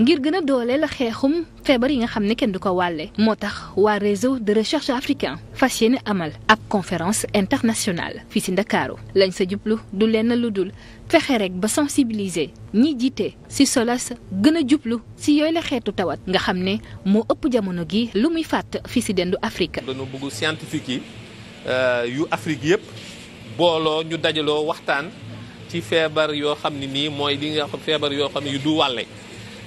ngir gën a dooleel xeexum feebar yi nga xam ne kenn du ko wàlle moo tax waa réseau de recherche africain fas yéene amal ab conférence internationale fii ci Ndakaaru lañ sa jublu du lenn lu dul fexe rek ba sensibiliser ñi jiite ci solas gën a jublu ci yooyu la xeetu tawat nga xam ne moo ëpp jamono gi lu muy fàtt fii ci dendu Afrique. dañu bëgg scientifique yi euh, yu Afrique yëpp booloo ñu dajaloo waxtaan ci feebar yoo xam ne nii mooy li nga feebar yoo xam du wàlle.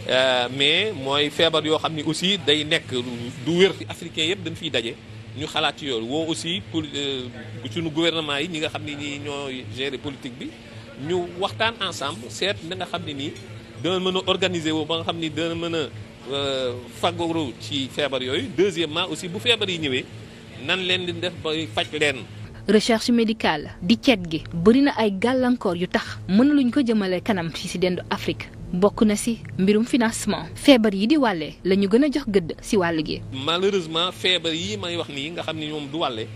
Euh, mais mooy feebar yoo xam ni aussi day nekk du wér fi africain yëpp dañ fiy daje ñu xalaat ci yoon woo aussi pour euh, suñu gouvernement yi ñi nga xam ne nii ñoo gérer politique bi ñu waxtaan ensemble seet na nga xam ne nii dana mën a organiser woo ba nga xam ni dana mën a euh, fagoro ci feebar yooyu deuxièmement aussi bu feebar yi ñëwee nan leen di def faj leen recherche médicale di cet gi bëri na ay gàllankoor yu tax mën luñ ko jëmale kanam fii ci dendu Afrique bokk na si mbirum financement feebar yi di wàlle la ñu gën a jox gëdd si wàll gi. malheureusement feebar yi may wax nii nga xam ni ñoom du wàlle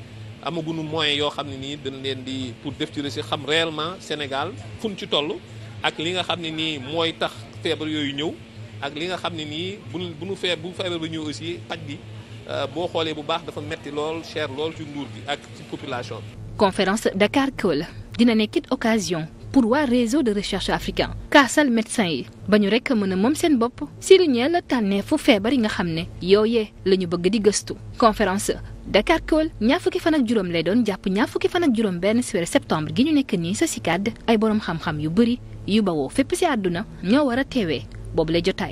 amaguñu moyen yoo xam ne nii dañ leen di pour def ci recherche xam réellement Sénégal fun ci toll ak li nga xam ne nii mooy tax feebar yooyu ñëw ak li nga xam ne nii bu bu nu fee bu feebar ba ñëw aussi paj bi Euh, boo xoolee bu baax dafa metti lool cher lool ci nguur gi ak ci population bi. conférence Dakar Call dina nekkit occasion pour waa réseau de recherche africain kaasal médecin yi ba ñu rekk mën a moom seen bopp si lu ñeel la tànnee fu feebar yi nga xam ne yooyee la ñu bëgg di gëstu conférence Dakar Call ñaar fukki fan ak juróom lay doon jàpp ñaar fukki fan ak juróom benn si weeru septembre gi ñu nekk nii sa si ay boroom xam-xam yu bëri yu bawoo fépp si àdduna ñoo war a teewee boobu lay jotaay